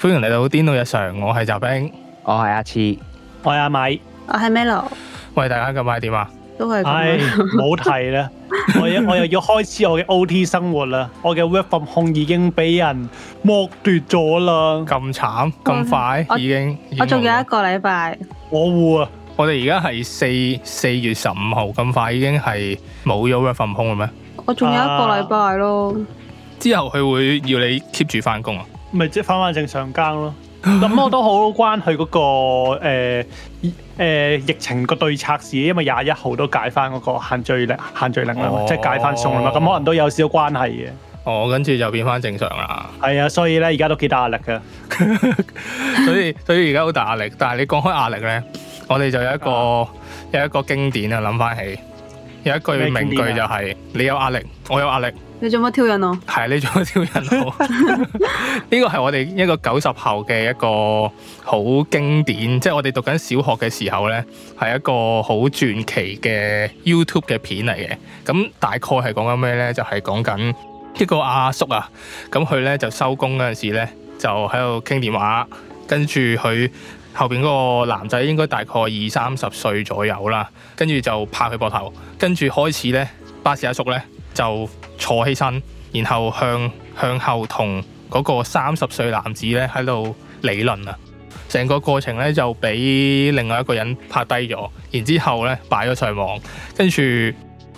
歡迎嚟到 Sir，《顛倒日常》，我係集冰，我係阿次，我係阿米，我係 Melo。喂，大家今日點啊？都係咁，冇提啦。 我一我又要開始我嘅 OT 生活啦。我嘅 work from home 已經俾人剝奪咗啦。咁慘，咁快已經？我仲有一個禮拜。我烏啊！我哋而家係四四月十五號，咁快已經係冇咗 work from home 嘅咩？我仲有一個禮拜咯。之後佢會要你 keep 住翻工啊？咪即係翻翻正常更咯，咁 我都好關佢嗰、那個誒誒、呃呃、疫情個對策事，因為廿一號都解翻嗰個限聚令，限聚令啦，即係、哦、解翻鬆啦嘛，咁可能都有少少關係嘅。哦，跟住就變翻正常啦。係啊，所以咧而家都幾大壓力噶 所以所以而家好大壓力。但係你講開壓力咧，我哋就有一個， 有，一個有一個經典啊，諗翻起有一句名句就係、是：啊、你有壓力，我有壓力。你做乜挑釁我，係你做乜挑釁我。呢個係我哋一個九十後嘅一個好經典，即係我哋讀緊小學嘅時候呢，係一個好傳奇嘅 YouTube 嘅片嚟嘅。咁大概係講緊咩呢？就係講緊一個阿叔啊，咁佢呢就收工嗰陣時咧，就喺度傾電話，跟住佢後邊嗰個男仔應該大概二三十歲左右啦，跟住就拍佢膊頭，跟住開始呢，巴士阿叔呢。就坐起身，然後向向後同嗰個三十歲男子咧喺度理論啊！成個過程咧就俾另外一個人拍低咗，然之後咧擺咗上網。跟住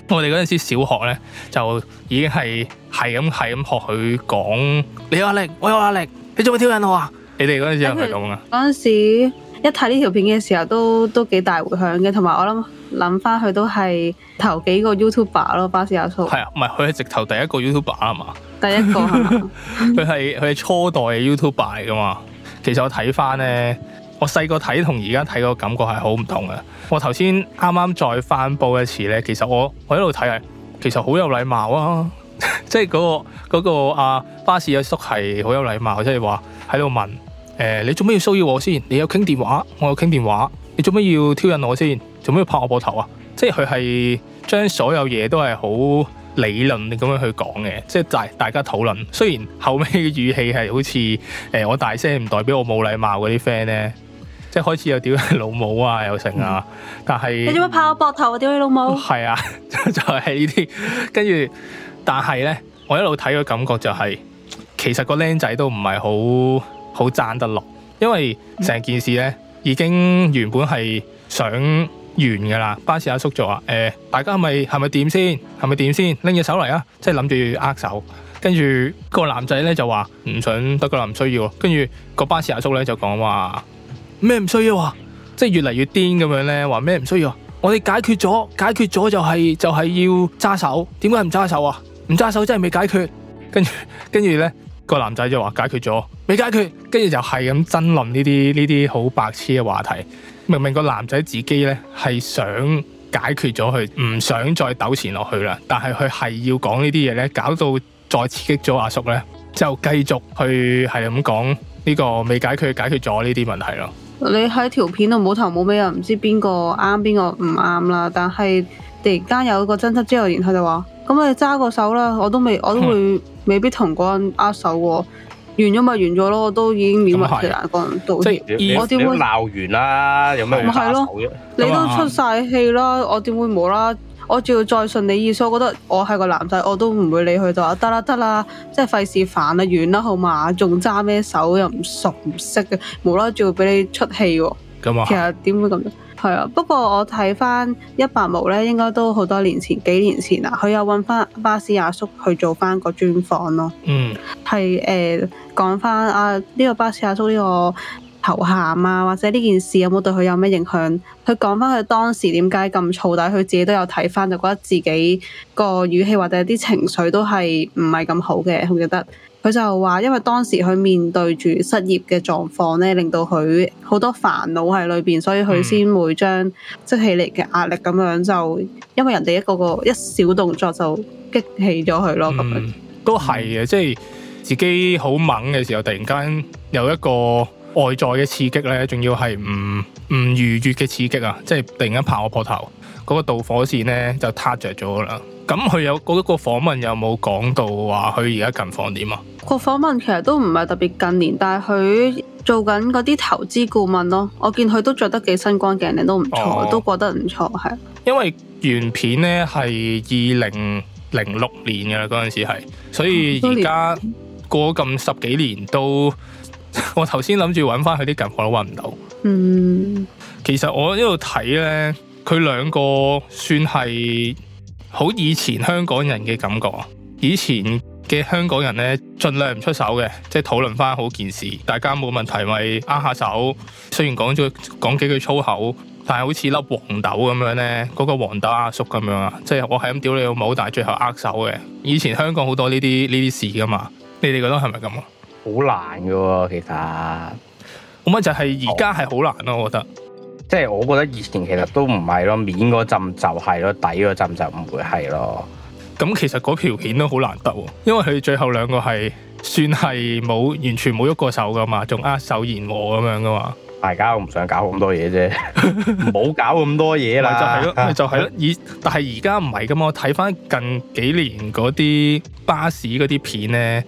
我哋嗰陣時小學咧就已經係係咁係咁學佢講：你有壓力，我有壓力，你做咩挑釁我啊！你哋嗰陣時係咁噶。嗰陣時一睇呢條片嘅時候，都都幾大回響嘅，同埋我諗。諗翻佢都係頭幾個 YouTuber 咯，巴士阿叔係啊，唔係佢係直頭第一個 YouTuber 係嘛？第一個係嘛？佢係佢係初代 YouTuber 嚟噶嘛？其實我睇翻呢，我細個睇同而家睇個感覺係好唔同嘅。我頭先啱啱再翻播一次呢，其實我我喺度睇係其實好有禮貌啊，即係嗰個、嗰個阿、啊、巴士阿叔係好有禮貌，即係話喺度問誒、欸，你做咩要騷擾我先？你有傾電話，我有傾電話，你做咩要挑釁我先？咁樣拍我膊頭啊！即係佢係將所有嘢都係好理論咁樣去講嘅，即係大大家討論。雖然後尾嘅語氣係好似誒、呃，我大聲唔代表我冇禮貌嗰啲 friend 咧，即係開始又屌你老母啊，嗯、又成啊。但係你點會拍我膊頭啊？屌你老母！係啊，就係呢啲。跟住，但係咧，我一路睇嘅感覺就係、是，其實個僆仔都唔係好好讚得落，因為成件事咧已經原本係想。完噶啦！巴士阿叔就話：誒、呃，大家係咪係咪點先？係咪點先？拎隻手嚟啊！即係諗住握手。跟住個男仔咧就話：唔想得噶啦，唔需要。跟住個巴士阿叔咧就講話：咩唔需要啊？即係越嚟越癲咁樣咧，話咩唔需要啊？我哋解決咗，解決咗就係就係要揸手。點解唔揸手啊？唔揸手真係未解決。跟住跟住咧，個男仔就話：解決咗，未解決。跟住就係咁爭論呢啲呢啲好白痴嘅話題。明明個男仔自己咧係想解決咗佢，唔想再糾纏落去啦。但係佢係要講呢啲嘢咧，搞到再刺激咗阿叔咧，就繼續去係咁講呢個未解決解決咗呢啲問題咯。你喺條片度冇頭冇尾啊！唔知邊個啱邊個唔啱啦。但係突然間有個爭執之後，然後就話：咁你揸個手啦，我都未我都會未，哼未必同嗰個人握手喎。完咗咪完咗咯，我都已經勉為其難講到。歉我點會鬧完啦？有咩？唔係咯，嗯、你都出晒氣啦，我點會冇啦？我仲要再順你意思，所以我覺得我係個男仔，我都唔會理佢，就話得啦得啦，即係費事煩啦，完啦好嘛？仲揸咩手，又唔熟唔識嘅，無啦，仲要俾你出氣喎。其實點會咁？係啊、哦，不過我睇翻一百毛咧，應該都好多年前、幾年前啦。佢又揾翻巴士阿叔去做翻個專訪咯。嗯、啊，係誒講翻啊呢、呢個巴士阿叔呢個頭銜啊，或者呢件事有冇對佢有咩影響？佢講翻佢當時點解咁燥，但係佢自己都有睇翻，就覺得自己個語氣或者啲情緒都係唔係咁好嘅，佢覺得。佢就話，因為當時佢面對住失業嘅狀況咧，令到佢好多煩惱喺裏邊，所以佢先會將積起嚟嘅壓力咁樣就，因為人哋一個個一小動作就激起咗佢咯，咁樣都係嘅，即係自己好猛嘅時候，突然間有一個外在嘅刺激咧，仲要係唔唔預預嘅刺激啊，即係突然間拍我膊頭，嗰個導火線咧就撻着咗啦。咁佢有嗰一個訪問有冇講到話佢而家近況點啊？個訪問其實都唔係特別近年，但係佢做緊嗰啲投資顧問咯。我見佢都着得幾新光鏡，頸你都唔錯，哦，都覺得唔錯，係。因為原片呢係二零零六年嘅啦，嗰陣時係，所以而家過咁十幾年都，我頭先諗住揾翻佢啲近況都揾唔到。嗯，其實我呢度睇呢，佢兩個算係。好以前香港人嘅感覺，以前嘅香港人呢，盡量唔出手嘅，即係討論返好件事，大家冇問題咪握下手。雖然講咗講幾句粗口，但係好似粒黃豆咁樣呢，嗰個黃豆阿叔咁樣啊，即係我係咁屌你老母，但係最後握手嘅。以前香港好多呢啲呢啲事噶嘛，你哋覺得係咪咁啊？好難嘅喎，其實，咁啊就係而家係好難咯，我覺得。即係，我覺得以前其實都唔係咯，面嗰陣就係咯，底嗰陣就唔會係咯。咁其實嗰條片都好難得，因為佢最後兩個係算係冇完全冇喐過手噶嘛，仲握手言和咁樣噶嘛。大家都唔想搞咁多嘢啫，唔好 搞咁多嘢啦。 就係咯，就係咯。以但係而家唔係噶嘛，我睇翻近幾年嗰啲巴士嗰啲片咧，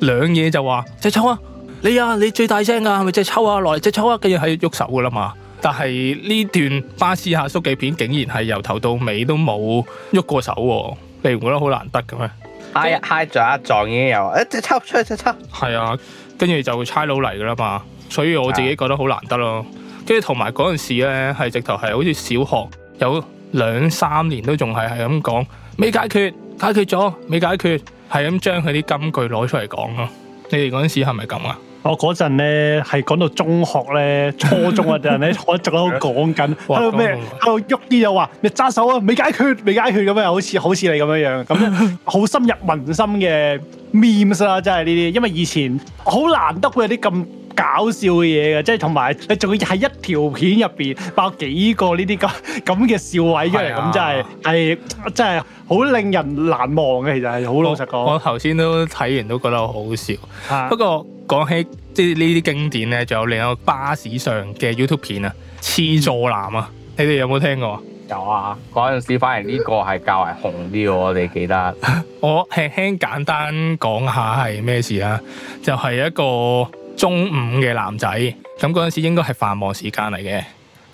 兩嘢就話隻抽啊，你啊，你最大聲噶係咪？隻抽啊，來隻抽啊，跟住係喐手噶啦嘛。但係呢段巴士客叔記片竟然係由頭到尾都冇喐過手，啊，你唔覺得好難得嘅咩？挨挨但撞一撞已經有，誒，即出出去即係出。係啊，跟住，嗯啊、就差佬嚟噶啦嘛，所以我自己覺得好難得咯。跟住同埋嗰陣時咧，係直頭係好似小學有兩三年都仲係係咁講，未解決，解決咗，未解決，係咁將佢啲金句攞出嚟講咯。你哋嗰陣時係咪咁啊？我嗰陣咧係講到中學咧、初中嗰陣咧，我一直喺度講緊，喺度咩，喺度喐啲又話，你揸手啊，未解決，未解決咁樣，好似好似你咁樣樣， 好深入民心嘅 memes 啦真係呢啲，因為以前好難得會有啲咁。搞笑嘅嘢嘅，即係同埋你仲要係一條片入邊爆幾個呢啲咁咁嘅笑位出嚟，咁、啊、真係係、哎、真係好令人難忘嘅。其實係好老實講。我頭先都睇完都覺得好好笑。啊、不過講起即係呢啲經典咧，仲有另一個巴士上嘅 YouTube 片啊，黐坐男啊，你哋有冇聽過？有啊，嗰陣時反而呢個係較為紅啲嘅，我哋記得。 我輕輕簡單講下係咩事啊？就係、是、一個。中午嘅男仔咁，嗰陣時，應該係繁忙時間嚟嘅。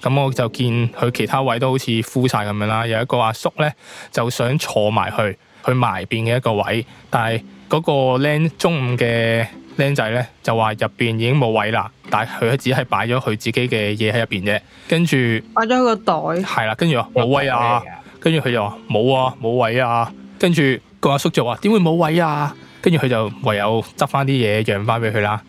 咁我就見佢其他位都好似枯晒咁樣啦。有一個阿叔呢，就想坐埋去去埋邊嘅一個位，但係嗰個僆中午嘅僆仔呢，就話入邊已經冇位啦。但係佢只係擺咗佢自己嘅嘢喺入邊啫。跟住擺咗個袋係啦。跟住話冇位啊。跟住佢就話冇啊，冇位啊。跟住個阿叔就話點會冇位啊？跟住佢就唯有執翻啲嘢讓翻俾佢啦。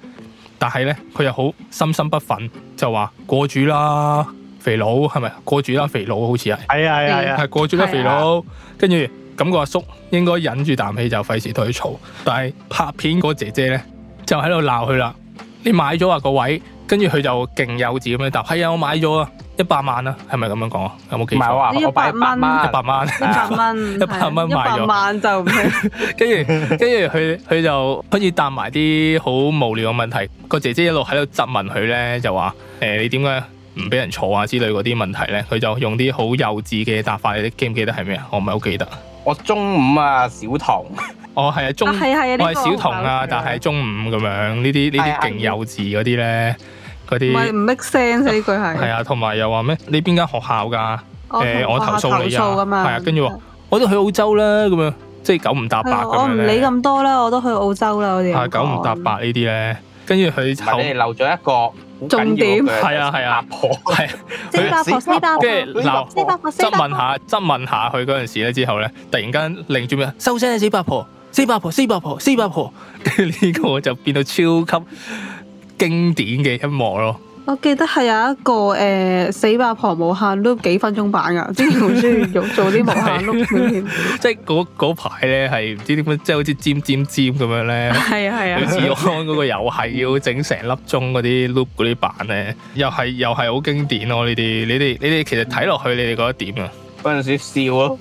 但係咧，佢又好心心不憤，就話過住啦，肥佬，係咪過住啦，肥佬？好似係，係啊係啊，係過住啦，肥佬。跟住咁個阿叔應該忍住啖氣，就費事同佢嘈，但係拍片嗰姐姐咧，就喺度鬧佢啦，你買咗啊個位。跟住佢就勁幼稚咁樣答，係、哎、啊，我買咗啊，一百萬啊，係咪咁樣講元元啊？有冇記錯？唔係話我百萬，一百萬，一百蚊，一百蚊買咗。一百萬就跟，跟住跟住佢佢就可以答埋啲好無聊嘅問題。個姐姐一路喺度質問佢咧，就話誒、欸、你點解唔俾人坐啊之類嗰啲問題咧？佢就用啲好幼稚嘅答法，你記唔記得係咩啊？我唔係好記得。我中五啊，小童。我係、 哦、啊，中，我係小童啊，啊這個、啊 但係中五咁樣呢啲呢啲勁幼稚嗰啲咧。唔搣聲，呢句係。係啊，同埋又話咩？你邊間學校噶？誒，我投訴你啊！係啊，跟住話，我都去澳洲啦。咁樣即係九唔搭八。我唔理咁多啦，我都去澳洲啦。我哋係九唔搭八呢啲咧。跟住佢投，留咗一個重點。係啊係啊，阿婆係。四八婆，即係嗱質問下質問下佢嗰陣時咧，之後咧，突然間令住咩？收聲啊！四八婆，四八婆，四八婆，四八婆，跟住呢個就變到超級。經典嘅一幕咯，我記得係有一個，誒死八婆無限 loop 幾分鐘版噶之前好中意做啲無限 loop 嘅，即係嗰排咧係唔知點樣，即係好似尖尖尖咁樣咧。係啊係啊。好似玩嗰個又係要整成粒鐘嗰啲 loop 嗰啲版咧，又係又係好經典咯呢啲。你哋你哋其實睇落去你哋覺得點啊？嗰陣時笑咯，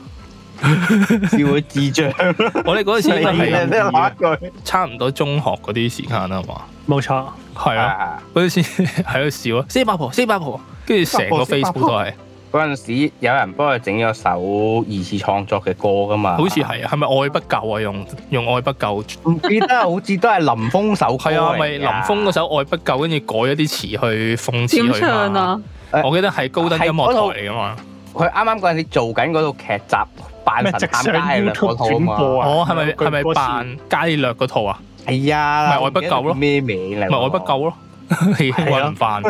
笑啲智障 我哋嗰陣時係咩話一句？ 差唔多中學嗰啲時間啦嘛，冇錯。係啊，嗰陣時喺度笑啊。四八婆，四八婆，跟住成個 Facebook 都係嗰陣時，有人幫佢整咗首二次創作嘅歌噶嘛，好似係，係咪愛不疚啊？用用愛不疚，唔記得，好似都係林峯首，係啊，咪林峯嗰首愛不疚，跟住改咗啲詞去諷刺佢啦。我記得係高登音樂台嚟噶嘛，佢啱啱嗰陣時做緊嗰套劇集扮神探伽利略啊嘛，哦，係咪係咪扮伽利略嗰套啊？係、哎、呀，咪愛不夠是咯，咩名？唔咪愛不夠咯，搵唔翻，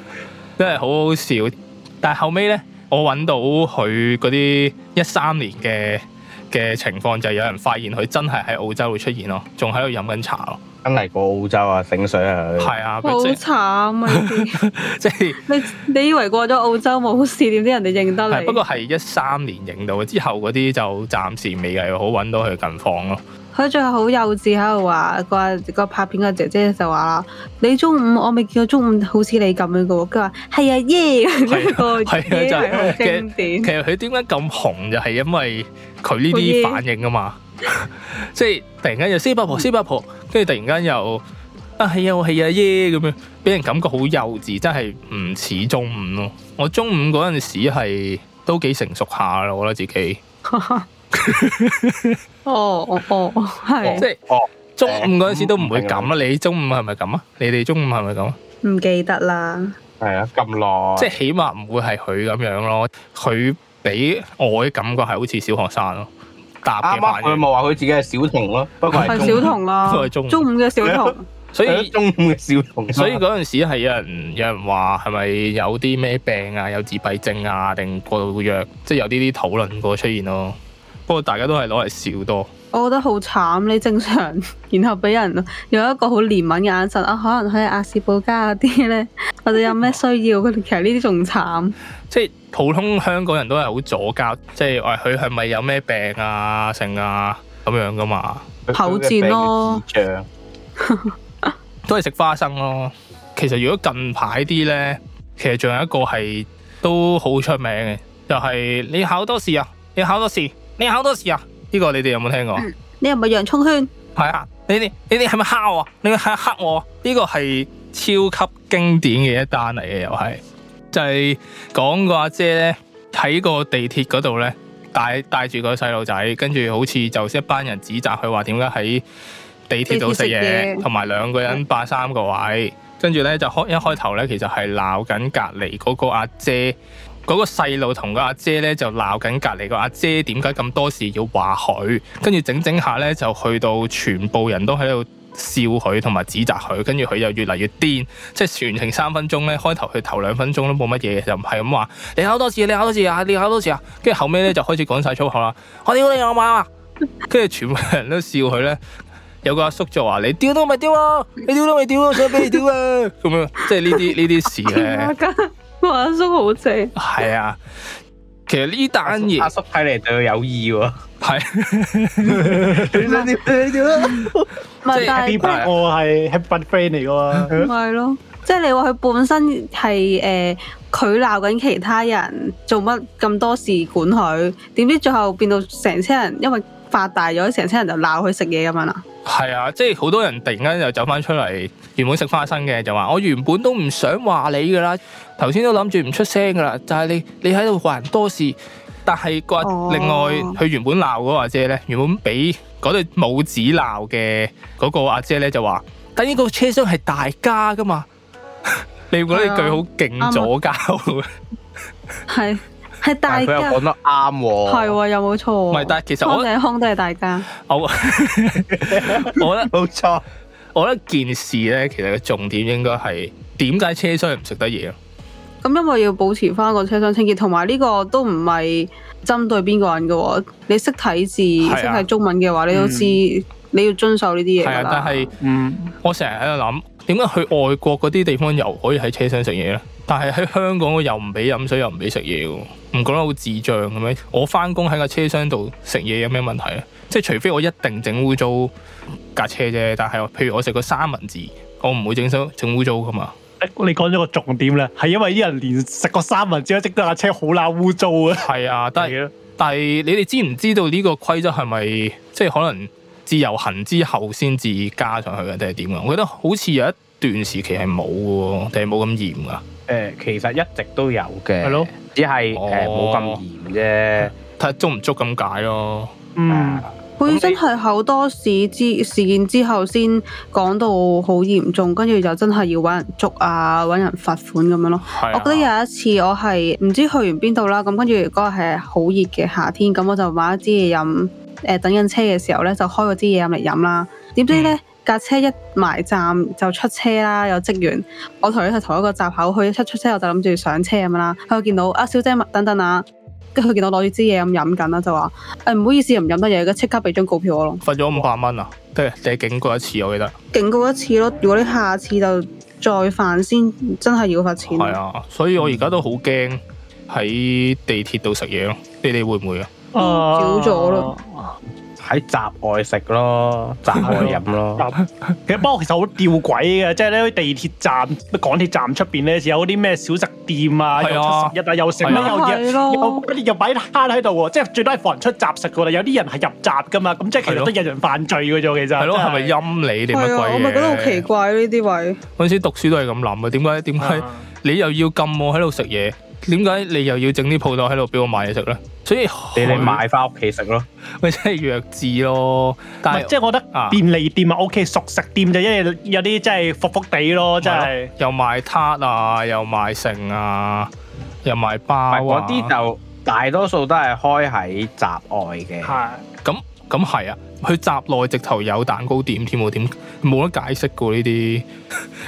真係好好笑。但係後尾咧，我搵到佢嗰啲一三年嘅嘅情況，就有人發現佢真係喺澳洲會出現咯，仲喺度飲緊茶咯，真係過澳洲啊，醒水啊，係 啊，就是、好慘啊！即係你你以為過咗澳洲冇事，點知人哋認得你？不過係一三年影到，之後嗰啲就暫時未係好搵到佢近況咯。佢最後好幼稚喺度話，嗰個、嗰個拍片個姐姐就話你中五，我未見過中五好似你咁樣嘅喎。佢話：係啊耶！係、yeah、 啊，就係嘅。其實佢點解咁紅就係、是、因為佢呢啲反應啊嘛，即 係 突然間又四伯婆四伯婆，跟住 突然間又啊係啊我係啊耶咁、啊啊、樣，俾人感覺好幼稚，真係唔似中五咯。我中五嗰陣時係都幾成熟下咯，我覺得自己。哦哦哦，係、哦、即係是、哦哦、中五嗰陣時都唔會咁、嗯、啊？你中五係咪咁啊？你哋中五係咪咁啊？唔記得啦。係啊，咁耐即係起碼唔會係佢咁樣咯。佢俾我嘅感覺係好似小學生咯，答嘅反應。啱啱佢冇話佢自己係小童咯，不過係小童啦，中五嘅小童。所以 中五嘅小童、啊所，所以嗰陣時係有人有人話係咪有啲咩病啊？有自閉症啊？定過度藥？即係有啲啲討論過出現咯、啊。不過大家都係攞嚟笑多，我覺得好慘。你正常，然後俾人用一個好憐憫嘅眼神啊，可能喺亞氏保加嗰啲呢，或者 有咩需要，佢哋其實呢啲仲慘。即係普通香港人都係好左膠，即係話佢係咪有咩病啊、成啊咁樣噶嘛？口賤咯、哦，的的 都係食花生咯、哦。其實如果近排啲呢，其實仲有一個係都好出名嘅，就係、是、你考多試啊，你考多試。你考多次啊？呢、這個你哋有冇聽過？嗯、你係咪洋葱圈？係啊，你哋你哋係咪蝦我？你個係黑我？呢、這個係超級經典嘅一單嚟嘅又係，就係講個阿姐呢，喺個地鐵嗰度呢，帶帶住個細路仔，跟住好似就一班人指責佢話點解喺地鐵度食嘢，同埋兩個人霸三個位，跟住呢，就開一開頭呢，其實係鬧緊隔籬嗰個阿姐。嗰個細路同個阿姐咧就鬧緊，隔離個阿姐點解咁多事要話佢？跟住整整下咧，就去到全部人都喺度笑佢同埋指責佢。跟住佢又越嚟越癲，即係全程三分鐘咧。開頭佢頭兩分鐘都冇乜嘢，就唔係咁話。你考多次，你考多次啊？你考多次啊？跟住、啊、後尾咧就開始講晒粗口啦、 啊！我屌你老母啊！跟住全部人都笑佢咧。有個阿叔，叔就話：你屌都咪屌啊，你屌都未屌咯，想俾你屌啊！咁、啊、樣即係呢啲呢啲事咧。 阿叔好正，係啊，其實呢單嘢阿叔睇嚟，對佢有意喎，係呢啲呢啲咯，即係 Happy，我係 Happy friend 嚟噶嘛，唔係咯，即係你話佢本身係誒佢鬧緊其他人做乜咁多事管佢，點知最後變到成車人因為。發大咗，成車人就鬧佢食嘢咁樣啦。係啊，即係好多人突然間又走翻出嚟，原本食花生嘅就話，我原本都唔想話你噶啦，頭先都諗住唔出聲噶啦，就係、是、你你喺度話人多事，但係個另外佢、哦、原本鬧嗰個阿姐呢，原本俾嗰對母子鬧嘅嗰個阿姐呢，就話，但呢個車廂係大家噶嘛， 你覺得呢句好勁左膠？係、啊。 係大家，佢又講得啱喎，啊，係喎，啊，有冇錯？唔係，但係其實我覺得康定康都係大家。 我覺得冇錯。我覺得件事咧，其實個重點應該係點解車廂唔食得嘢咯？咁因為要保持翻個車廂清潔，同埋呢個都唔係針對邊個人嘅喎。你識睇字，識睇，啊，中文嘅話，你都知你要遵守呢啲嘢啊，但係，嗯，我成日喺度諗，點解去外國嗰啲地方又可以喺車廂食嘢咧？但係喺香港我又唔俾飲水又唔俾食嘢喎，唔覺得好智障嘅咩？我返工喺個車廂度食嘢有咩問題咧？即係除非我一定整污糟架車啫。但係譬如我食個三文治，我唔會整整污糟噶嘛。你講咗個重點咧，係因為啲人連食個三文治都整得架車好撈污糟啊！係啊，但係的但係你哋知唔知道呢個規則係咪即係可能自由行之後先至加上去嘅，定係點啊？我覺得好似有一段時期係冇嘅，定係冇咁嚴噶。誒其實一直都有嘅，只係誒冇咁嚴啫，睇捉唔捉咁解咯。嗯，本身係好多事之事件之後先講到好嚴重，跟住就真係要揾人捉啊，揾人罰款咁樣咯。是啊、我記得有一次我係唔知去完邊度啦，咁跟住嗰日係好熱嘅夏天，咁我就買一支嘢飲，誒、呃、等緊車嘅時候咧就開嗰支嘢飲嚟飲啦。點知咧？嗯架車一埋站就出車啦，有職員，我同佢去同一個閘口去出出車，我就諗住上車咁啦，佢會見到啊，小姐，等等啊，跟住佢見到攞住支嘢咁飲緊啦，就話誒，唔好意思，唔飲得嘢，即刻俾張告票我咯，罰咗五百蚊啊，即係警告一次我記得，警告一次咯，如果你下次就再犯先真係要罰錢。係啊，所以我而家都好驚喺地鐵度食嘢咯，你哋會唔會啊？少咗咯。喺閘外食咯，閘外飲咯。其實不過其實好吊詭嘅，即係呢地鐵站，咩港鐵站出邊呢，有啲咩小食店啊，又出食日啊，又食啊，又熱，又又擺攤喺度喎。即係最多係防人出閘食噶啦，有啲人係入閘噶嘛。咁即係其實都一樣犯罪嘅啫。係咯，係咪陰你定乜鬼嘢？我咪覺得好奇怪呢啲位。嗰陣時讀書都係咁諗嘅，點解？點解你又要禁我喺度食嘢？點解你又要整啲鋪頭喺度俾我買嘢食咧？所以你哋買翻屋企食咯，咪真係弱智咯！但係即係我覺得便利店 OK，啊 OK，熟食店就因為有啲真係服服地咯，不真係又賣撻啊，又賣剩啊，又賣包啊，啲就大多數都係開喺閘外嘅。係咁的。咁係啊！佢閘內直頭有蛋糕店添，點冇得解釋噶呢啲？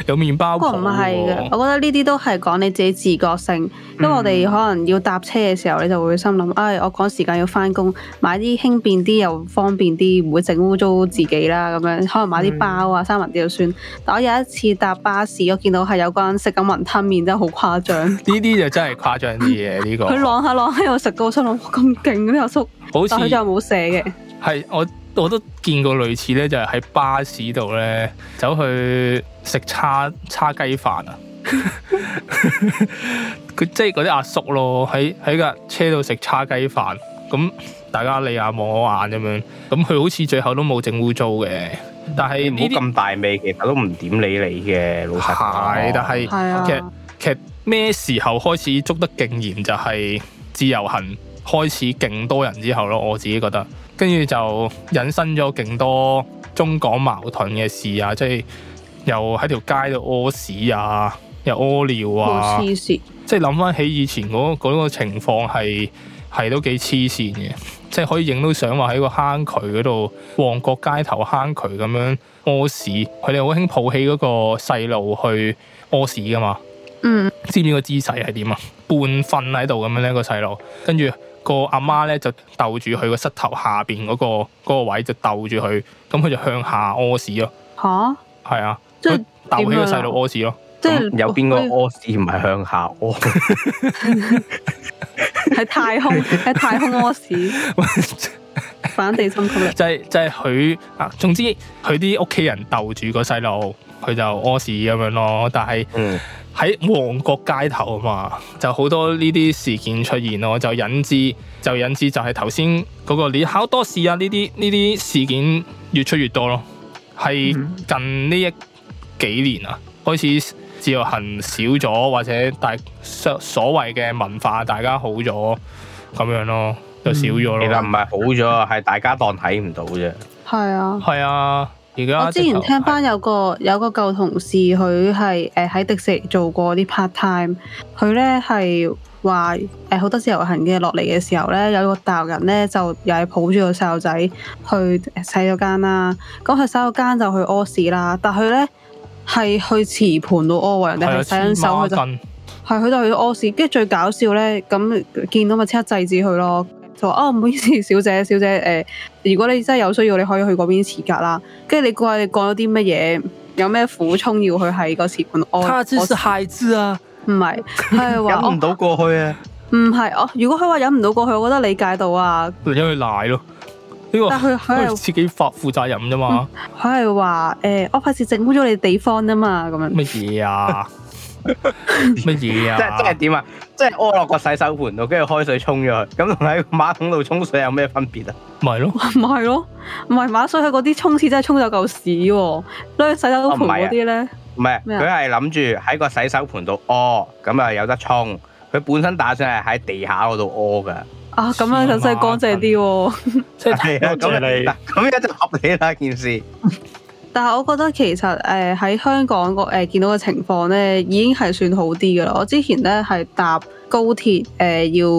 有麵包。個唔係嘅，我覺得呢啲都係講你自己自覺性。因為我哋可能要搭車嘅時候，你就會心諗，唉，我趕時間要翻工，買啲輕便啲又方便啲，唔會整污糟自己啦。咁樣可能買啲包啊、三文治就算。但我有一次搭巴士，我見到係有個人食緊雲吞麵，真係好誇張。呢啲就真係誇張啲嘢。呢個。佢晾下晾喺度，食到，我心諗咁勁呢個叔，但佢就冇寫嘅。係，我我都見過類似咧，就係、是、喺巴士度咧走去食叉叉雞飯啊。佢 即係嗰啲阿叔咯，喺喺架車度食叉雞飯，咁大家你眼望我眼咁樣，咁佢好似最後都冇整污糟嘅。但係冇咁大味些其，其實都唔點理你嘅老實。係，但係其實其實咩時候開始捉得勁嚴就係自由行開始，勁多人之後咯。我自己覺得。跟住就引申咗勁多中港矛盾嘅事啊，即係又喺條街度屙屎啊，又屙尿啊，黐線！ 即係諗翻起以前嗰、嗰個情況，係係都幾黐線嘅，即係可以影到相話喺個坑渠嗰度，旺角街頭坑渠咁樣屙屎，佢哋好興抱起嗰個細路去屙屎噶嘛。嗯，唔 知，知個姿勢係點啊？半瞓喺度咁樣咧，個細路跟住。個阿媽咧就逗住佢個膝頭下邊嗰、嗰個、嗰個位就逗住佢，咁佢就向下屙屎咯。吓，係啊，即係逗起個細路屙屎咯。即係、啊就是、有邊個屙屎唔係向下屙？喺太空喺太空屙屎，反地心吸力。就係、是、就係佢啊，總之佢啲屋企人逗住個細路，佢就屙屎咁樣咯。但係嗯。喺旺角街頭啊嘛，就好多呢啲事件出現咯，就引致就引致就係頭先嗰個你考多試啊，呢啲呢啲事件越出越多咯，係近呢一幾年啊，開始自由行少咗或者大所所謂嘅文化大家好咗咁樣咯，就少咗咯。其實唔係好咗，係大家當睇唔到啫。係啊。係啊。我之前聽翻有個是有個舊同事，佢係誒喺迪士尼做過啲 part time，佢咧係話誒好多自由行嘅落嚟嘅時候咧，有個大人咧就又係抱住個細路仔去洗手間啦，咁佢洗手間就去屙屎啦，但佢咧係去瓷盤度屙，人哋係洗緊手佢、啊、就係佢就去屙屎，跟住最搞笑咧，咁見到咪即刻制止佢咯。哦，唔好意思，小姐，小姐，誒、呃，如果你真係有需要，你可以去嗰邊廁格啦。跟住你估下你講咗啲乜嘢，有咩苦衷要去喺個廁格？我他只是孩子啊，唔係，係話忍唔到過去啊？唔係哦，如果佢話忍唔到過去，我覺得理解到啊。因為賴咯，呢、這個但係佢係自己負負責任啫嘛。佢係話誒，我怕是整污咗你地方啫嘛，咁樣乜嘢啊？ 乜嘢 啊， 啊？即係即係點啊？即係屙落個洗手盆度，跟住開水沖咗佢，咁同喺馬桶度沖水有咩分別啊？唔係 咯，唔係咯，唔係馬水喺嗰啲沖廁真係沖咗嚿屎，所以、啊、洗手盆嗰啲咧，唔係佢係諗住喺個洗手盆度屙，咁啊有得沖。佢本身打算係喺地下嗰度屙噶。啊，咁樣就真係乾淨啲。係啊，咁你咁而家就合理啦，件事。但係我覺得其實誒喺、呃、香港個誒、呃、見到嘅情況咧，已經係算好啲嘅啦。我之前咧係搭高鐵誒、呃、要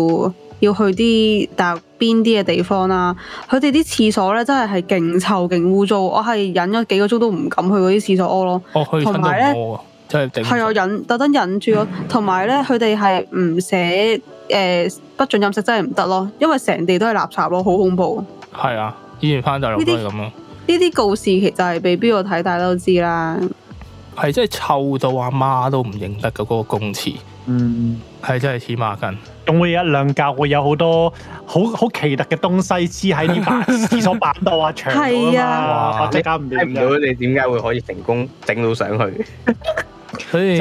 要去啲搭邊啲嘅地方啦、啊，佢哋啲廁所咧真係係勁臭勁污糟，我係忍咗幾個鐘都唔敢去嗰啲廁所屙咯。哦，去親就屙啊！同埋咧真係係啊，忍特登忍住咯、啊。同埋咧，佢哋係唔寫誒不准飲食，真係唔得咯，因為成地都係垃圾咯、啊，好恐怖、啊。係啊，以前翻大陸都係咁咯。呢啲告示其實係被邊個睇，大家都知啦。係真係臭到阿媽、媽都唔認得嘅嗰、嗰個公廁，嗯，係真係黐孖筋，仲會一兩格會有好多好好奇特嘅東西黐喺啲板、廁所板度啊牆度啊嘛，我真係搞唔明到你點解會可以成功整到上去。 所以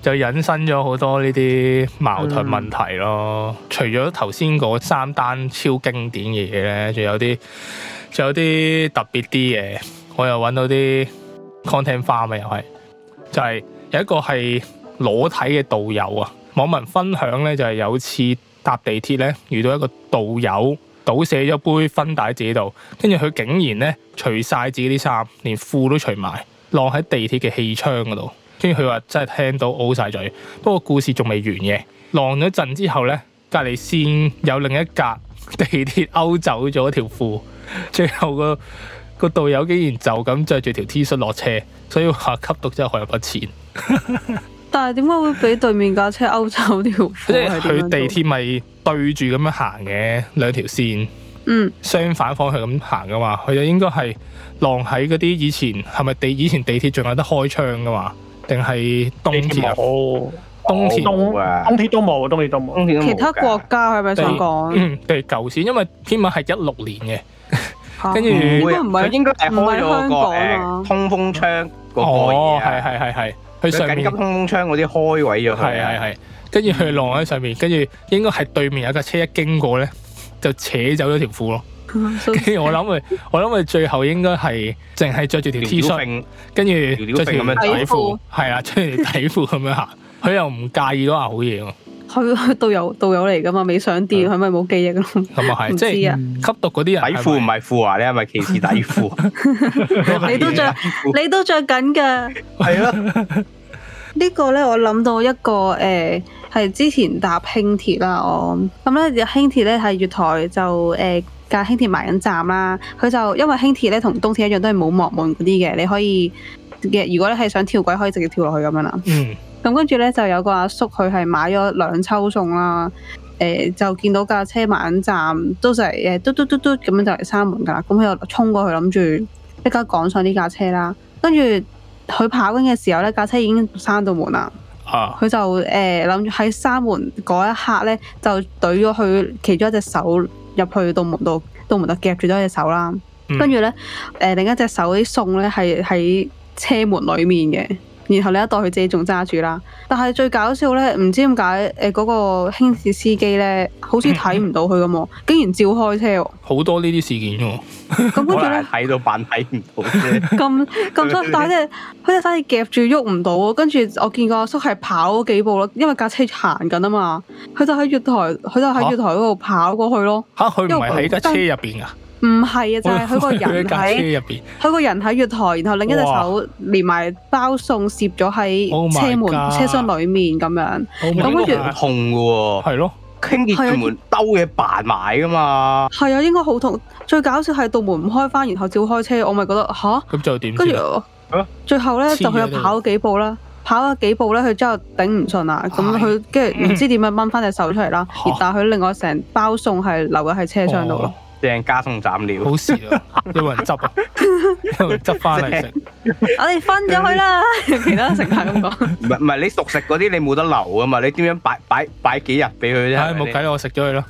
就、就引申咗好多呢啲矛盾問題咯。嗯、除咗頭先嗰三單超經典嘅嘢咧，仲有啲。仲有啲特別啲嘢，我又揾到啲 content farm 嘛，又係就係、是、有一個係裸體嘅導遊啊。網民分享呢，就係有次搭地鐵呢，遇到一個導遊倒瀉咗杯芬達喺自己度，跟住佢竟然呢，除晒自己啲衫，連褲都除埋，晾喺地鐵嘅氣窗嗰度。跟住佢話真係聽到嘔晒嘴。不過故事仲未完嘅，晾咗陣之後呢，隔離線有另一格地鐵勾走咗一條褲。最後個個導友竟然就咁着住條 T 恤落車，所以話吸毒真係害人不淺。 但係點解會俾對面架車勾走條？即係佢地鐵咪對住咁樣行嘅，兩條線，嗯，相反方向咁行噶嘛？佢就應該係晾喺嗰啲以前係咪地以前地鐵仲有得開窗噶嘛？定係冬,冬天啊？冬天冬天冬天都冇，冬天都冇，冬天其他國家係咪想講、嗯？嗯，對舊線，因為天文係一六年嘅。跟住，佢應該開咗個通風窗個嘢，係係係係，佢上面通風窗嗰啲開位咗佢，係係係。跟住佢晾喺上面，跟住應該係對面有架車一經過咧，就扯走咗條褲咯。跟住我諗佢，我諗佢最後應該係淨係着住條 T 恤，跟住著條底褲，係啊，著住條底褲咁樣行，佢又唔介意嗰下好嘢。去道友道友嚟噶嘛？未上電，佢咪冇記憶咁。咁啊係，即係、嗯、吸毒嗰啲底褲唔係褲啊！你係咪歧視底褲？ 你都着穿， 你都着緊嘅。係咯， 呢個咧我諗到一個誒，係、呃、之前搭輕鐵啦，我咁咧、嗯、就輕鐵咧係月台就誒架輕鐵埋緊站啦。佢就因為輕鐵咧同東鐵一樣都係冇幕門嗰啲嘅，你可以嘅。如果你係想跳軌，可以直接跳落去咁樣啦。嗯。 咁跟住咧就有個阿叔，佢係買咗兩抽餸啦。誒就見到架車猛站，都就係誒嘟嘟嘟嘟咁樣就嚟閂門㗎啦。咁佢又衝過去，諗住即刻趕上呢架車啦。跟住佢跑緊嘅時候咧，架車，車已經閂到門啦。佢、啊、就誒諗住喺閂門嗰一刻咧，就懟咗佢其中一隻手入去到門度，到門就夾住咗一隻手啦。跟住咧誒另一隻手啲餸咧係喺車門裡面嘅。然後咧，一代佢自己仲揸住啦。但係最搞笑咧，唔知點解誒，嗰、呃那個輕士司機咧，好似睇唔到佢咁，竟然照開車、哦。好多呢啲事件喎。咁跟住咧，睇到扮睇唔到。咁咁衰，但係咧，佢哋反而夾住喐唔到。跟住我見過阿叔係跑咗幾步咯，因為架車行緊啊嘛。佢就喺月台，佢就喺月台嗰度跑過去咯。嚇、啊！佢唔係喺架車入邊噶。為唔係啊，就係佢個人喺佢個人喺月台，然後另一隻手連埋包餸攝咗喺車門車廂裡面咁樣。咁跟住痛嘅喎，係咯，傾跌住門兜嘢扮埋噶嘛。係啊，應該好痛。最搞笑係道門唔開翻，然後照開車，我咪覺得吓，咁就後點？跟住，最後咧就佢又跑咗幾步啦，跑咗幾步咧，佢之後頂唔順啦，咁佢跟住唔知點樣掹翻隻手出嚟啦，而但係佢另外成包餸係留咗喺車廂度咯。正加餸斬料，好事咯，有冇人執啊？因為執翻嚟食。我哋分咗佢啦，其他食客咁講。唔係唔係，你熟食嗰啲你冇得留噶嘛？你點樣擺擺擺幾日俾佢啫？係冇計，我食咗佢咯。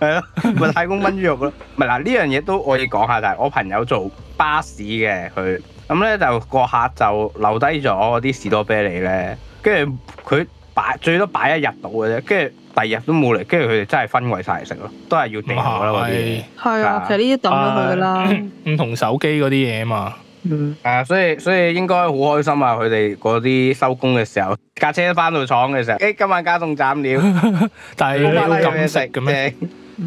係咯，咪太公炆豬肉咯。咪嗱呢樣嘢都可以講下，但係我朋友做巴士嘅，佢咁咧就個客就留低咗啲士多啤梨咧，跟住佢。擺最多擺一日到嘅啫，跟住第二日都冇嚟，跟住佢哋真係分餵晒嚟食咯，都係要定嘅啦嗰啲。係啊，其實呢啲抌咗去啦。唔、啊嗯、同手機嗰啲嘢嘛。嗯。啊，所以所以應該好開心啊！佢哋嗰啲收工嘅時候，架車翻到廠嘅時候，誒、哎、今晚加餸斬料， 但係是都敢食嘅咩？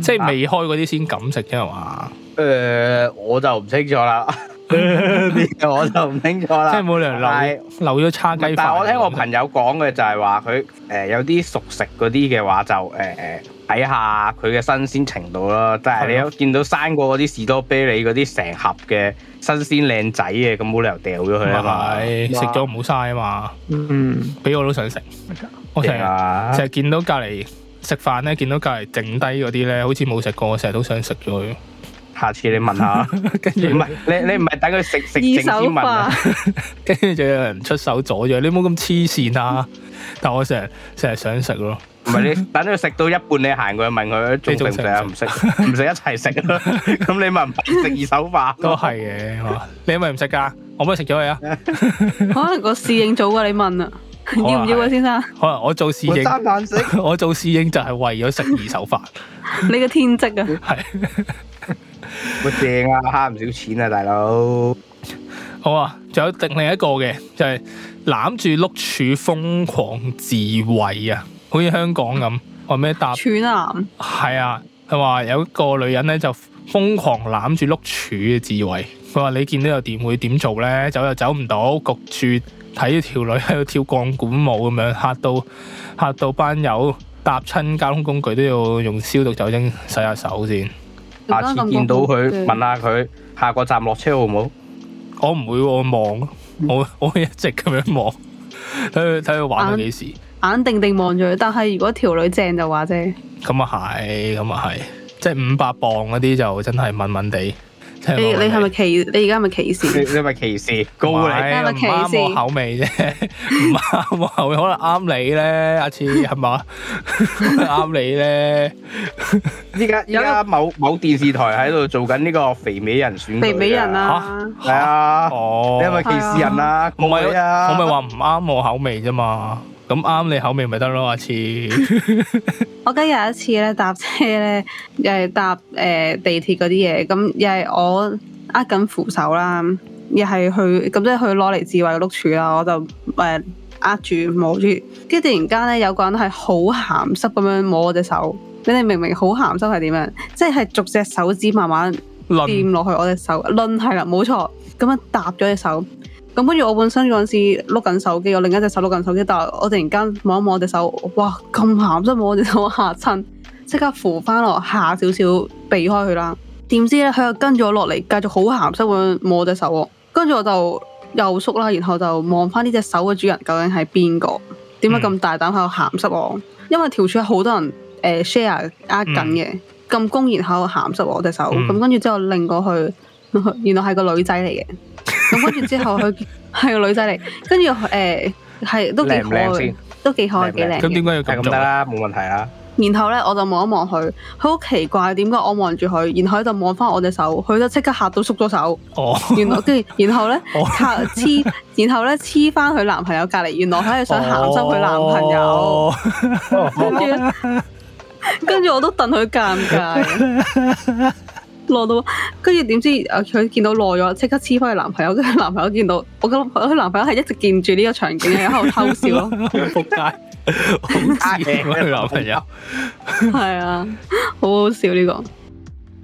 即係未開嗰啲先敢食啫係嘛？誒、嗯，我就唔清楚啦。 我就唔清楚啦，即係冇理由留咗叉是雞飯。但係我聽我朋友講嘅就係話，佢、呃、誒有啲熟食嗰啲嘅話就，就誒誒睇下佢嘅新鮮程度啦。但係的你有見到生果嗰啲士多啤梨嗰啲成盒嘅新鮮靚仔嘅，咁冇理由掉咗佢啊嘛。食咗唔好嘥啊嘛。嗯，俾我都想食。我成日成的見到隔離食飯咧，見到隔離剩低嗰啲咧，好似冇食過，我成日都想食咗佢。下次你問下， 跟住唔係你你唔係等佢食食二手法先問，啊、 跟住就有人出手阻住你，冇咁黐線啊！ 但我成日成日想食咯，啊，唔係你等佢食到一半你，你行過去問佢， 你仲唔食啊？唔食，唔食一齊食咁你問食二手法？都係嘅，你係咪唔食噶？我咪食咗佢啊！可能個侍應組啊，你問啊，要唔要啊，先生？可能 我做侍應，我做侍應就係為咗食二手法。」你個天職啊！係。 正啊，慳唔少錢啊，大佬。好啊，仲有另一個嘅，就係攬住碌柱瘋狂自慰 啊，好似香港咁。話咩搭？柱男係啊，佢話有一個女人咧，就瘋狂攬住碌柱嘅自慰。佢話你見到又點會點做咧？走又走唔到，焗住睇條女喺度跳鋼管舞咁樣，嚇到嚇到班友搭親交通工具都要用消毒酒精洗下手先。下次見到佢問下佢下個站落車好唔好？我唔會喎，望我、嗯、我，我一直咁樣望睇佢喺度玩到幾時眼，眼定定望住佢。但係如果條女正就話啫。咁啊係，咁啊係，即係五百磅嗰啲就真係敏敏地。你你係咪歧？你而家係咪歧視？你係咪歧視，唔啱我口味啫，唔 啱我口味，可能啱你咧，阿超係嘛？啱 你咧，而家而家某某電視台喺度做緊呢個肥美人選肥美人啊！係啊，蛤 你係咪歧視人啊？我咪啊，我咪話唔啱我口味啫嘛。咁啱你口味咪得咯，下次。 我今日有一次咧搭車咧，又係搭誒、呃、地鐵嗰啲嘢，咁又係我握緊扶手啦，又係去咁即係去攞嚟智慧嘅碌柱啦，我就誒握、呃、住摸住，跟住突然間咧有個人係好鹹濕咁樣摸我隻手，你哋明唔明好鹹濕係點樣？即係逐隻手指慢慢攤落去我隻手，輪係啦，冇錯，咁樣搭咗隻手。咁跟住我本身嗰陣時碌緊手機，我另一隻手碌緊手機，但係我突然間摸一摸我隻手，哇咁鹹濕！色色摸我隻手我嚇親，即刻扶翻落下少少，避開佢啦。點知咧，佢又跟住我落嚟，繼續好鹹濕咁摸我隻手喎。跟住我就又縮啦，然後就望翻呢隻手嘅主人究竟係邊個？點解咁大膽喺度鹹濕我？嗯、因為條柱有好多人誒、呃、share 握緊嘅，咁、嗯、公然喺度鹹濕我隻手，咁、嗯、跟住之後擰過去。原來係個女仔嚟嘅，咁跟住之後佢係個女仔嚟，跟住誒係都幾好嘅，都幾好幾靚。咁點解要咁咁得啦？冇問題啊。然後咧，我就望一望佢，佢好奇怪，點解我望住佢，然後咧就望翻我隻手，佢就即刻嚇到縮咗手。哦，原來跟住然後咧，黐然後咧黐翻佢男朋友隔籬，原來佢係想鹹濕佢男朋友。跟住，跟住我都戥佢尷尬。攞到，跟住點知佢見到耐咗，即刻黐翻佢男朋友。跟住男朋友見到，我諗佢男朋友係一直見住呢個場景喺度偷笑咯，好仆街，好笑啊！佢男朋友係啊，好好笑呢個，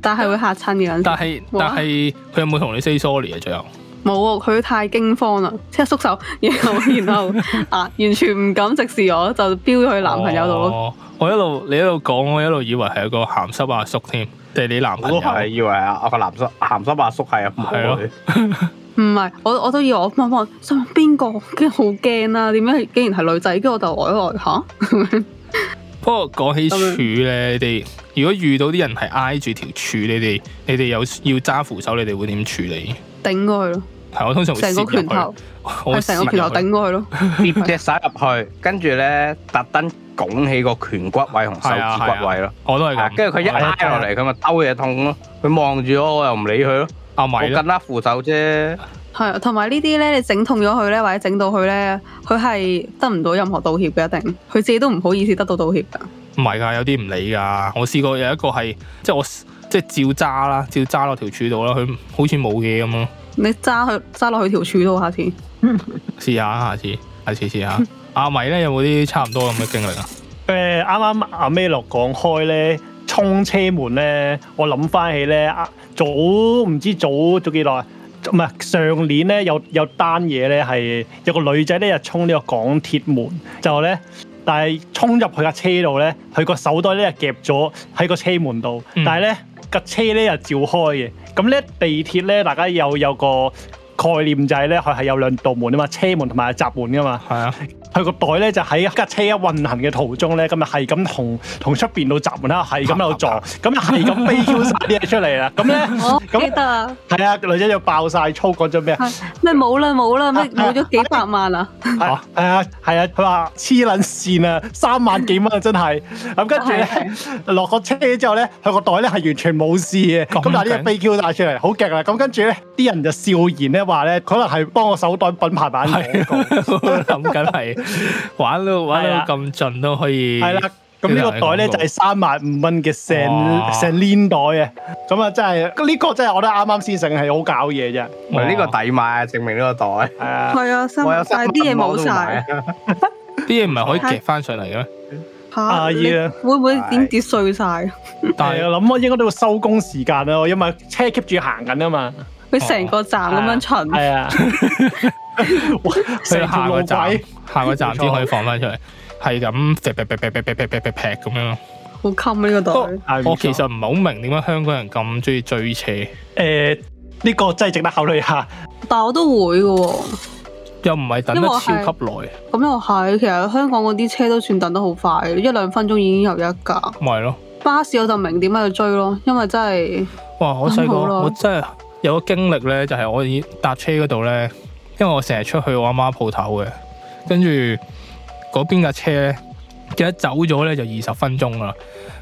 但係會嚇親嘅人。但係但係，佢有冇同你 say sorry 啊？最後冇，佢太驚慌啦，即刻縮手，然後然後啊，完全唔敢直視我，就飆咗佢男朋友度咯。我一路你一路講，我一路以為係一個鹹濕阿叔添。借你男朋友，以為阿阿個鹹濕鹹濕阿叔係唔好啊？唔係是， 我我都以為我問我想問邊個，跟住好驚啦！點解、啊、竟然係女仔？跟住我就呆咗呆下。啊、 不過講起柱咧，你哋如果遇到啲人係挨住條柱，你哋你哋有要揸扶手，你哋會點處理？頂過去咯。係，我通常會成個拳頭，我成個拳頭頂過去咯，跌曬入去，跟住咧特登。拱起個拳骨位同手指骨位咯、啊啊，我都係咁。跟住佢一挨落嚟，佢咪兜嘢痛咯。佢望住我，我又唔理佢咯。埋跟甩扶手啫。係啊，同埋、啊、呢啲咧，你整痛咗佢咧，或者整到佢咧，佢係得唔到任何道歉嘅，一定。佢自己都唔好意思得到道歉噶。唔係噶，有啲唔理噶。我試過有一個係，即係我即係照揸啦，照揸落條柱度啦。佢好似冇嘢咁咯。你揸佢揸落去條柱度，下次 試下，下次，下次試下。 阿米咧有冇啲差唔多咁嘅經歷啊？誒、呃，啱啱阿咩落講開咧，衝車門咧，我諗翻起咧、啊，早唔知早咗幾耐，唔係上年咧，有有單嘢咧係有個女仔咧，就衝呢個港鐵門，就咧，但係衝入去架車度咧，佢個手袋咧又夾咗喺個車門度，嗯、但係咧架車咧又照開嘅。咁咧地鐵咧，大家有有個概念就係咧，佢係有兩道門啊嘛，車門同埋閘門噶嘛。係啊。佢個袋咧就喺架車一運行嘅途中咧，咁就係咁同同出邊到閘門啦，係咁喺度撞，咁又係咁飛撬晒啲嘢出嚟啦。咁咧，我記得啊，係啊，女仔就爆晒粗講咗咩啊？咩冇啦冇啦，咩冇咗幾百萬啊？嚇，係啊係啊，佢話黐撚線啊，三萬幾蚊啊，真係。咁跟住咧落個車之後咧，佢個袋咧係完全冇事嘅，咁但係啲人飛撬晒出嚟，好勁啊！咁跟住咧，啲人就笑言咧話咧，可能係幫我手袋品牌版嘢，諗緊係。玩到玩到咁盡都可以，係啦。咁呢個袋咧就係三萬五蚊嘅成成鏈袋啊。咁啊真係，呢、這個真係我都啱啱先成係好搞嘢啫。我呢個抵買啊，證明呢個袋係啊。係啊，三萬啲嘢冇晒，啲嘢唔係可以夾翻上嚟嘅咩？啊、uh, yeah,，會唔會點跌碎晒？但係我諗我應該都會收工時間啊，因為車 keep 住行緊啊嘛。佢成個站咁樣巡。係啊。去下個站，下個站先可以放翻出嚟，係咁劈劈劈劈劈劈劈劈劈咁樣。好襟呢個度。我其實唔係好明點解香港人咁中意追車。誒，呢個真係值得考慮下。但係我都會嘅，又唔係等得超級耐。咁又係，其實香港嗰啲車都算等得好快，一兩分鐘已經有一架。唔咪咯。巴士我就明點解去追咯，因為真係。哇！我細個咯，我真係有個經歷咧，就係我搭車嗰度咧。因為我成日出去我阿媽鋪頭嘅，跟住嗰邊架車咧，記得走咗咧就二十分鐘啦。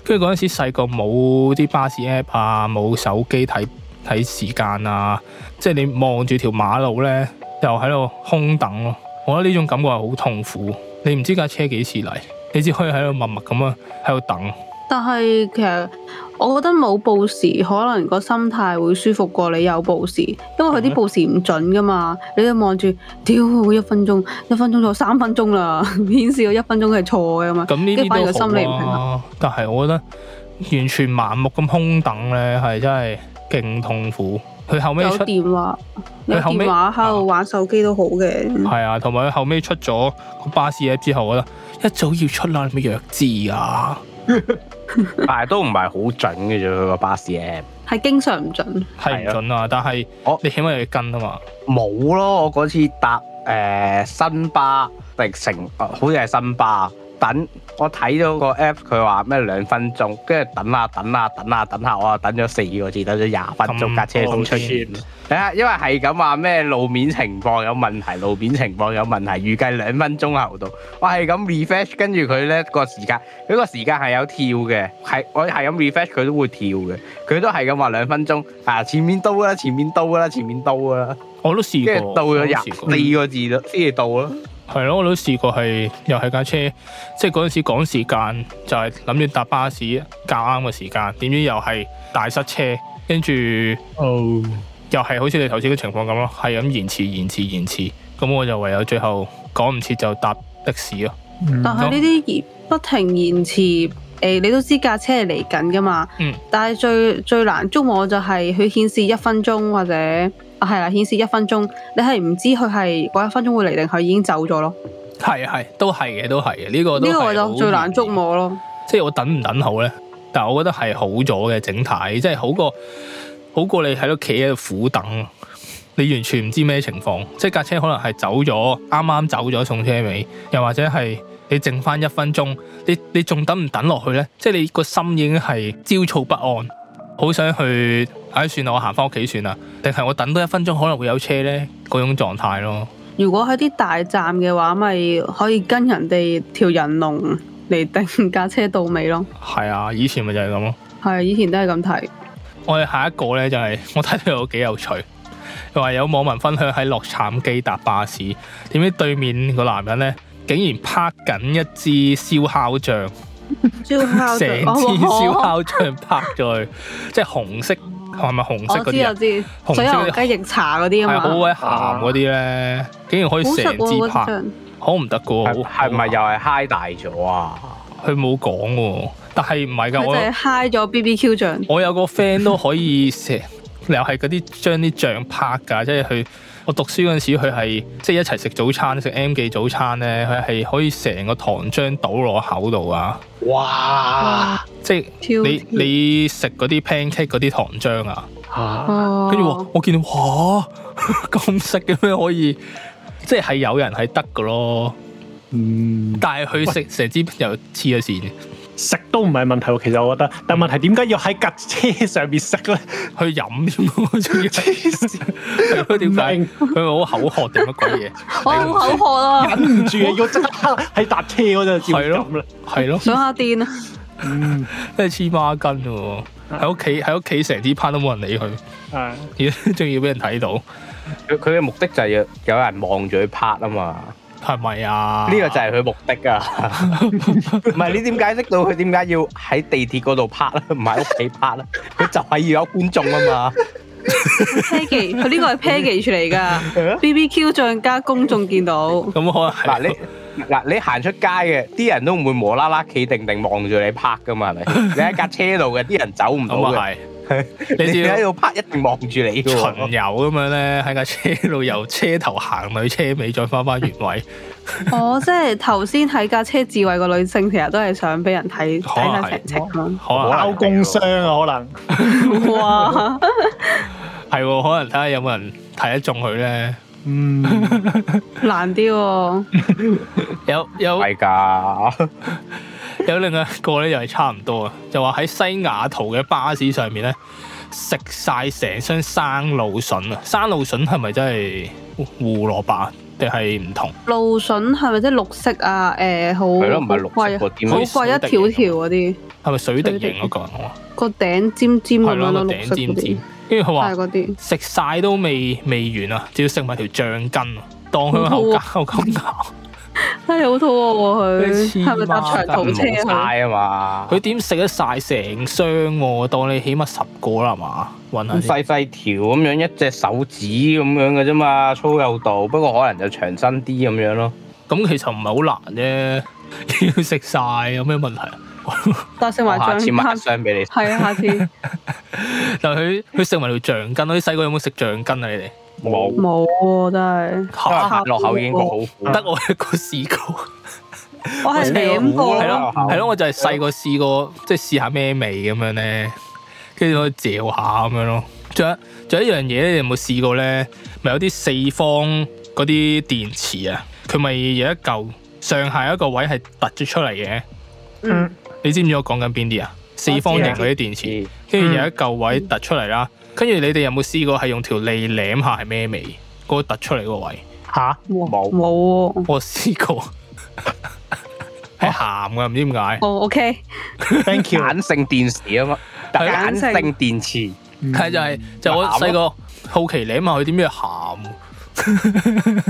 跟住嗰陣時細個冇啲巴士 app 啊，冇手機睇、睇時間啊，即係你望住條馬路咧，又喺度空等咯。我覺得呢種感覺係好痛苦，你唔知架車幾時嚟，你只可以喺度默默咁樣喺度等。但係其實我覺得冇報時，可能個心態會舒服過你有報時，因為佢啲報時唔準噶嘛。Mm hmm. 你都望住，屌，一分鐘，一分鐘咗三分鐘啦，顯示我一分鐘係錯嘅嘛。咁呢啲反而佢心理唔平，啊。但係我覺得完全盲目咁空等呢，係真係勁痛苦。佢後尾有電話，佢後尾喺度玩手機都好嘅。係啊，同埋佢後尾出咗個巴士 app 之後，我覺得一早要出啦，你咪弱智啊！ 但係都唔係好準嘅啫，佢個巴士 app，係經常唔準，係唔準啊！但係我、哦、你起碼要跟啊嘛，冇咯！我嗰次搭誒新巴定成好似係新巴。等我睇到個 app，佢話咩兩分鐘，跟住等下、啊、等下、啊、等下、啊、等下、啊，我啊等咗四個字，等咗廿分鐘架車都出現。啊，因為係咁話咩路面情況有問題，路面情況有問題，預計兩分鐘後到。我係咁 refresh，跟住佢咧個時間，佢個時間係有跳嘅，係我係咁 refresh，佢都會跳嘅，佢都係咁話兩分鐘。啊，前面到啦，前面到啦，前面到啦。我都試過，跟住到咗廿四個字啦，先至到啦。係咯，我都試過係，又係架車，即係嗰陣時趕時間，就係諗住搭巴士，較啱嘅時間，點知又係大塞車，跟住，哦、oh.，又係好似你頭先嘅情況咁咯，係咁延遲延遲延遲，咁我就唯有最後趕唔切就搭的士咯。嗯嗯、但係呢啲不停延遲，誒、呃，你都知架車係嚟緊噶嘛？嗯、但係最最難捉摸就係佢顯示一分鐘或者。係啦，顯示一分鐘，你係唔知佢係嗰一分鐘會嚟定佢已經走咗咯？係係，都係嘅，都係嘅，呢個呢個就最難捉摸咯。即係我等唔等好咧？但係我覺得係好咗嘅整體，即係好過好過你喺屋企喺度苦等，你完全唔知咩情況。即係架車可能係走咗，啱啱走咗送車尾，又或者係你剩翻一分鐘，你你仲等唔等落去咧？即係你個心已經係焦躁不安，好想去。唉、哎，算啦，我行翻屋企算啦，定係我等多一分鐘可能會有車呢？嗰種狀態咯。如果喺啲大站嘅話，咪可以跟人哋條人龍嚟定架車到尾咯。係啊，以前咪就係咁咯。係、啊，以前都係咁睇。我哋下一個呢，就係、是、我睇到有幾有趣，又話有網民分享喺洛杉磯搭巴士，點知對面個男人呢，竟然拍緊一支燒烤醬，燒烤醬成支 燒烤醬拍咗去，即係紅色。.係咪紅色嗰啲？知知紅色嗰啲雞翼茶嗰啲啊，係好鬼鹹嗰啲咧，吧竟然可以成支拍，好唔得噶，係咪是哇又係嗨大咗啊？佢冇講喎，但係唔係噶，我哋嗨咗 B B Q 醬。我有個 friend 都可以成，又係嗰啲將啲醬拍噶，即係佢。我讀書嗰陣時，佢係即係一齊食早餐，食 M 記早餐咧，佢係可以成個糖漿倒落口度啊！哇！即係你你食嗰啲 pancake 嗰啲糖漿啊，跟住、啊、我我見到哇咁食嘅咩可以，即係係有人係得嘅咯。嗯，但係佢食成支又黐咗線。食都唔係問題喎，其實我覺得，但問題點解要喺架車上邊食咧？去飲仲要痴線！佢點解？佢好口渴定乜鬼嘢？我好口渴啦，忍唔住要即刻喺搭車嗰陣先飲，係咯，想下癲啊！嗯，真係黐孖筋喎，喺屋企喺屋企成日攀都冇人理佢，係，仲要俾人睇到，佢嘅目的就係要有人望住佢拍啊嘛。係咪啊？呢個就係佢目的啊！唔係你點解釋到佢點解要喺地鐵嗰度拍啦？唔喺屋企拍啦？佢就係要有觀眾啊嘛 package 佢呢個係 package 嚟噶，BBQ 增加公眾見到。咁可能嗱你嗱你行出街嘅，啲人都唔會無啦啦企定定望住你拍噶嘛？係咪？你喺架車度嘅，啲人走唔到啊。你哋喺度拍，一定望住你巡遊咁樣咧，喺架車度由車頭行去車尾，再翻翻原位。 哦，即係頭先睇架車智慧個女性，其實都係想俾人睇睇下神情咁樣。可能撈工商啊，可能。 哇！係 可能睇下有冇人睇得中佢咧。嗯， 難啲點、啊。 有有係噶。 有另外一個咧，又係差唔多啊！就話喺西雅圖嘅巴士上面咧，食晒成箱生露筍啊！生露筍係咪真係胡蘿蔔定係唔同？露筍係咪即係綠色啊？誒好貴，好貴一條條嗰啲係咪水滴形嗰個？個頂尖尖咁樣嘅頂尖尖，跟住佢話食晒都未未完啊！只要食埋條橡筋，當香口膠咁咬。真係，好肚餓佢，係咪搭長途車啊嘛？佢點食得晒成箱？當你起碼十個啦嘛？搵下先，細細條咁樣，一隻手指咁樣嘅啫嘛，粗幼度，不過可能就長身啲咁樣咯。咁其實唔係好難啫，要食晒有咩問題啊？但張 下次買一張相俾你，係 啊，下次。但係佢佢食埋條橡筋，我啲細個有冇食橡筋啊？你哋？冇，冇真係，落口已經冇，得、嗯、我一個試過。我係點過，係咯，係咯，我就係細個試過，即係試、就是、試下咩味咁樣咧，跟住可以嚼下咁樣咯。仲有，仲有一樣嘢咧，你有冇試過咧？咪、就是、有啲四方嗰啲電池啊？佢咪有一嚿上下一個位係凸咗出嚟嘅。嗯、你知唔知我講緊邊啲啊？四方形嗰啲電池，跟住有一嚿位凸出嚟啦。跟住你哋有冇試過係用條脷，舐下係咩味？嗰個突出嚟個位吓，冇冇？我試過，係鹹嘅，唔知點解。哦，OK，Thank you，鹼性電池啊嘛，鹼性電池，係就係就我細個好奇舐下佢點咩鹹。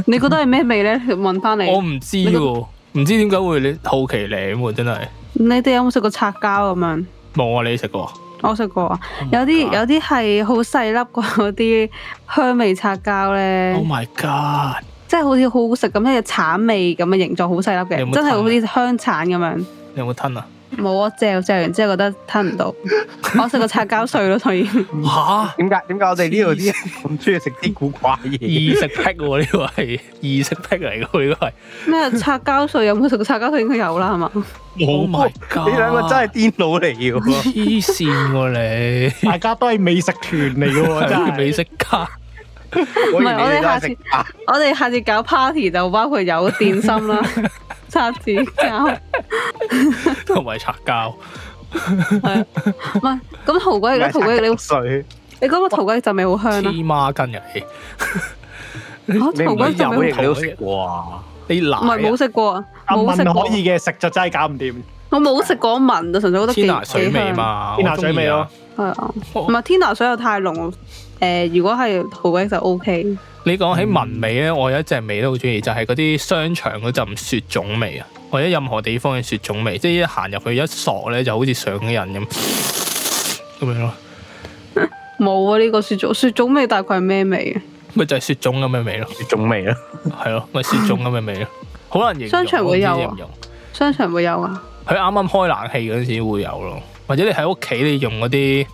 你覺得係咩味咧？問翻你，我唔知喎，唔知點解會你好奇舐喎，真係。你哋有冇食過擦膠咁樣？冇啊，你食過。我食過啊、oh my，有啲有啲係好細粒嗰啲 香味擦膠咧，Oh my god！即係好似好好食咁，一隻橙味咁嘅形狀，好細粒嘅，真係好似香橙咁樣。你有冇吞啊？冇啊！嚼，嚼完之後覺得吞唔到，我食過擦膠碎咯，所以吓？點解蛤？點解我哋呢度啲咁中意食啲古怪嘢？異食癖喎，呢、這個係異食癖嚟嘅，呢、這個係咩？擦膠碎有冇食過？擦膠碎應該有啦，係嘛？冇啊、oh 哦！你兩個真係癲佬嚟嘅，黐線喎你！大家都係美食團嚟嘅，真係美食家。唔係我哋下次，我哋下次搞 party 就包括有點心啦。 擦趾膠同埋擦膠係，唔係咁桃鬼，而家桃鬼，你好水，你嗰個桃鬼浸味好香啊！黐孖筋嘅，我桃鬼浸味有食過啊，啲奶唔係冇食過啊，冇食可以嘅食就真係搞唔掂。我冇食過聞啊，純粹覺得天拿水味嘛，天拿水味咯，係啊，唔係天拿水又太濃，誒，如果係桃鬼就 OK。你講起聞味咧，我有一隻味都好中意，就係嗰啲商場嗰陣雪種味啊，或者任何地方嘅雪種味，即係一行入去一索咧，就好似上癮咁，咁樣咯。冇啊，呢、啊這個雪種雪種味，大概係咩味啊？咪就係雪種咁嘅味咯，雪種味咯，係咯，咪雪種咁嘅味咯，好難形容。商場會有商場會有啊？佢啱啱開冷氣嗰陣時會有咯，或者你喺屋企你用啲佢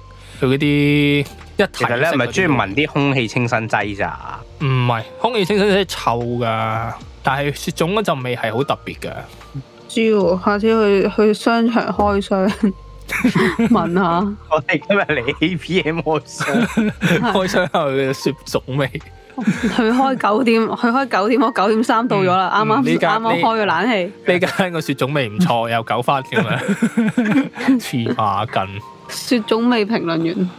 嗰啲。其實咧，係咪中意聞啲空氣清新劑咋？唔係，空氣清新劑臭噶，但係雪種嗰陣味係好特別噶。知下次去去商場開箱聞 下。我哋今日嚟 A P M 開箱，開箱後嘅雪種味。去 開九點，去開九點，我九點三到咗啦。啱啱啱啱開個冷氣。呢間個雪種味唔錯，又搞翻添啊，痴孖筋。雪總未評論完，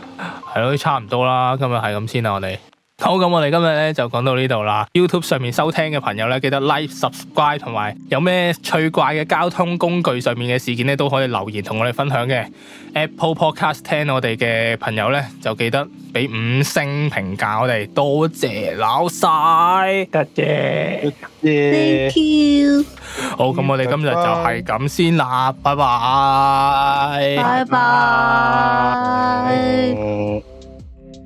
係咯，差唔多啦。今日係咁先啦，我哋。好，咁我哋今日咧就講到呢度啦。YouTube 上面收聽嘅朋友咧，記得 like、subscribe 同埋有咩趣怪嘅交通工具上面嘅事件咧，都可以留言同我哋分享嘅。Apple Podcast 聽我哋嘅朋友咧，就記得俾五星評價，我哋多謝撈晒，多謝。Thank you。好，咁我哋今日就係咁先啦，拜拜，拜拜。